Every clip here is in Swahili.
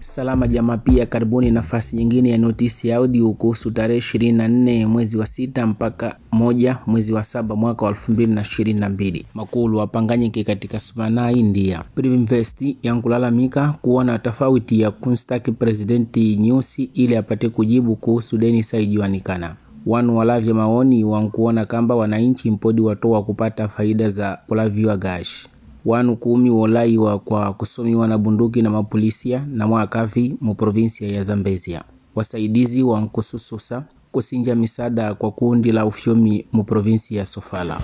salama jamaa pia karibuni nafasi nyingine ya notisi ya audio kuhusu tarehe ishirini na nne mwezi wa sita mpaka moja mwezi wa saba mwaka wa elfu mbili na ishirini na mbili makulu wapanganyike katika sumana india privinvest yankulalamika kuona tofauti ya kunstaki presidenti nyusi ili apate kujibu kuhusu deni saijuanikana wanu walavya maoni wankuona kamba wananchi mpodi watoa kupata faida za kulaviwa gashi wanu kumi wolaiwa kwa kusomiwa na bunduki na mapolisia na mwaakavi mu provinsia ya zambezia wasaidizi wankusususa kusinja misaada kwa kundi la ufyomi mu provinsi ya sofala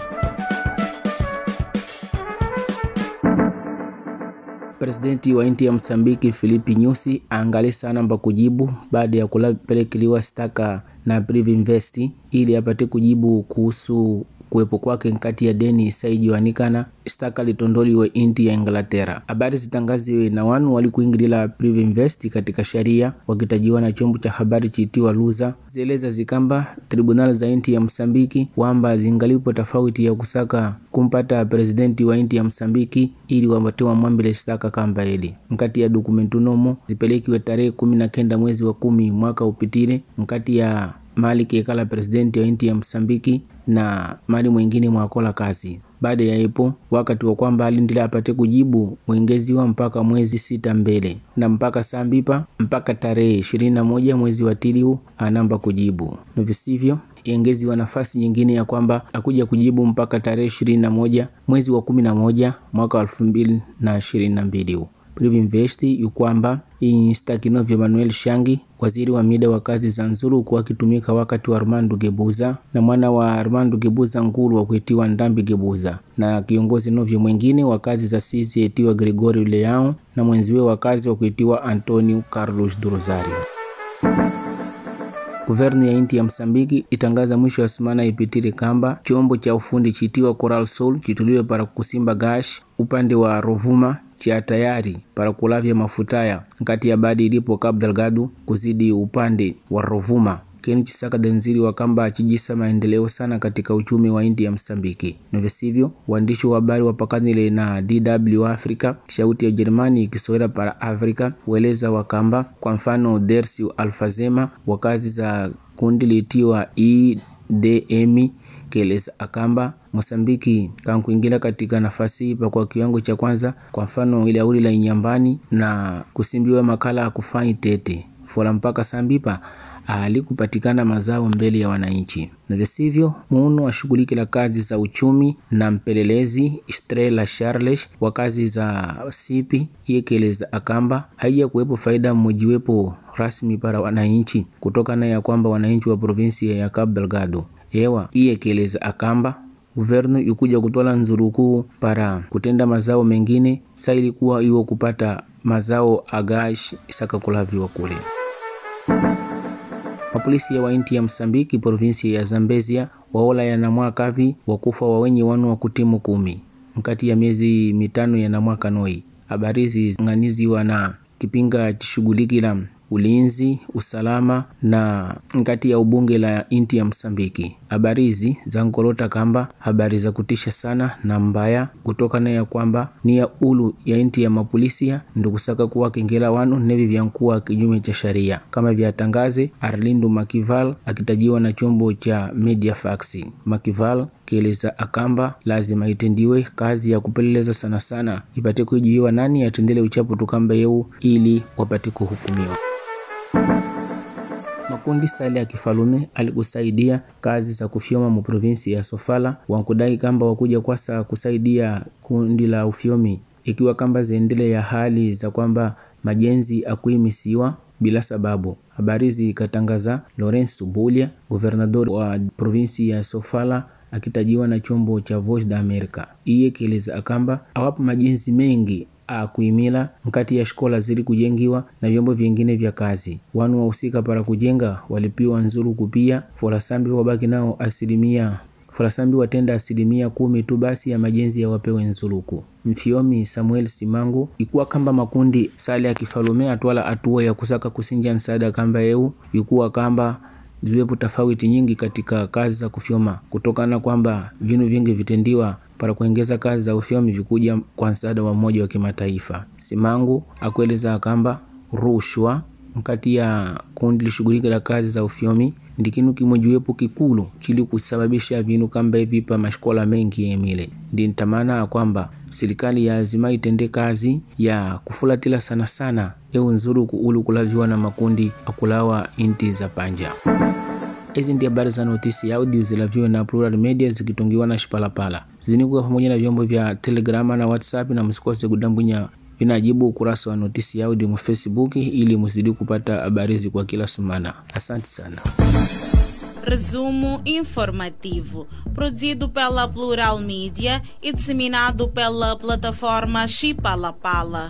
Presidenti wa inti ya Msambiki Filipi Nyusi angali sana mba kujibu baada ya kulapelekeliwa staka na Privinvest ili apate kujibu kuhusu kuwepo kwake nkati ya deni saijiwanikana staka litondoliwe inti ya inglaterra habari zitangaziwe na wanu walikuingilila privinvest katika sharia wakitajiwa na chombo cha habari chiitiwa luza zieleza zikamba tribunal za inti ya msambiki kwamba zingalipo tofauti ya kusaka kumpata presidenti wa inti ya msambiki ili wapatiwa mwambile staka kamba ili nkati ya dokumentu nomo zipelekiwe tarehe kumi na kenda mwezi wa kumi mwaka upitile nkati ya mali kiekala presidenti ya inti ya Msambiki, na mali mwingine Mwakola Kazi. Baada ya ipo wakati wa kwamba alindile apate kujibu mwengeziwa mpaka mwezi sita mbele na mpaka sambipa mpaka tarehe ishirini na moja mwezi wa tiliu anamba kujibu, na yengeziwa nafasi nyingine ya kwamba akuja kujibu mpaka tarehe ishirini na moja mwezi wa kumi na moja mwaka elfu mbili na ishirini na mbili huu. Privinvest Yukwamba Instakinovu Manuel Shangi, waziri wa mida wa kazi za Nzulu, kuwa akitumika wakati wa Armando Gebuza na mwana wa Armando Gebuza Ngulu wa kuitiwa Ndambi Gebuza, na kiongozi novyo mwingine wa kazi za CCT wa Gregorio Leão na mwenziwe wa kazi wa kuitiwa Antonio Carlos Durosario. Guverni ya inti ya Msambiki itangaza mwisho wa sumana ipitire kamba chombo cha ufundi chitiwa Coral Soul chituliwe para kusimba gash upande wa Rovuma cha tayari para kulavya mafutaya nkati ya badi ilipo Cabo Delgado kuzidi upande wa Rovuma. Ken Chisaka Denziri wa Kamba achijisa maendeleo sana katika uchumi wa India Msambiki. Ndivyo sivyo, waandishi wa habari wa wapakanile na DW Africa, shauti ya Ujerumani ikisowera para Africa, weleza wa Kamba, kwa mfano Dersi Alfazema wa kazi za kundi litiwa EDM keleza akamba Mosambiki kankuingira katika nafasi hii kwa kiwango cha kwanza, kwa mfano ile auli la inyambani na kusimbiwa makala ya akufai tete fora mpaka sambipa alikupatikana mazao mbele ya wananchi, na visivyo muno ashughulike la kazi za uchumi na mpelelezi strela Charles wa kazi za sipi yekeleza akamba haija kuwepo faida mmojiwepo rasmi para wananchi kutokana ya kwamba wananchi wa provinsi ya Cabo Delgado ewa iyekeleza akamba guvernu ikuja kutwala nzurukuu para kutenda mazao mengine sa ilikuwa iwo kupata mazao agash isakakulaviwa kule polisi ya wainti ya msambiki provinsi ya zambezia waola yanamwakavi wakufa wawenye wanu wa kutimu kumi mkati ya miezi mitano yanamwaka noi habarizi ng'aniziwa na kipinga chishughulikila ulinzi, usalama na ngati ya ubunge la inti ya Msambiki. Habari hizi za Nkolota kamba habari za kutisha sana na mbaya, kutokana ya kwamba ni ya ulu ya inti ya mapulisia ndikusaka kuwa kengela wanu nevi vyankuwa kinyume cha sharia, kama vyatangaze Arlindo Makival akitajiwa na chombo cha Media Faxi. Makival kieleza akamba lazima itendiwe kazi ya kupeleleza sana sana ipate kujiiwa nani atendele uchapo tukamba yeu ili wapate kuhukumiwa makundi sale ya kifalume alikusaidia kazi za kufyoma muprovinsi ya Sofala wankudai kamba wakuja kwasa kusaidia kundi la ufyomi ikiwa kamba ziendele ya hali za kwamba majenzi akuimisiwa bila sababu. Habari zikatangaza Lawrence bulia guvernador wa provinsi ya Sofala akitajiwa na chombo cha Voice da America. Iye kieleza akamba awapo majenzi mengi akuimila mkati ya shikola zili kujengiwa na vyombo vyengine vya kazi. Wanu wahusika para kujenga walipiwa nzuru kupia forasambi wabaki nao asilimia furasambi watenda asilimia kumi tu basi ya majenzi ya wapewe nzuluku. Mfiomi Samuel Simangu ikuwa kamba makundi sale ya kifalume atwala atuo ya kusaka kusinja nsaada kamba eu ikuwa kamba ziwepo tofauti nyingi katika kazi za kufyoma kutokana kwamba vinu vingi vitendiwa para kuengeza kazi za ufyomi vikuja kwa msaada wa mmoja wa kimataifa. Simangu akueleza kwamba rushwa mkati ya kundi lishughulika la kazi za ufyomi ndikinu kimojiwepo kikulu chili kusababisha vinu kamba pa mashkola mengi emile ndi ntamana kwamba serikali azima itende kazi ya kufulatila sana sana ewu nzuruku ulu kulaviwa na makundi akulawa inti za panja izi ndi habari za notisi ya audio zilaviwe na Plural Media zikitungiwa na Shipalapala zini pamoja na vyombo vya Telegrama na WhatsApp na msikose kudambunya ukurasa wa Notisi ya Facebook ili muzidi kupata kwa kila Asante sana. Resumo informativo, produzido pela Plural Media e disseminado pela plataforma Chipalapala.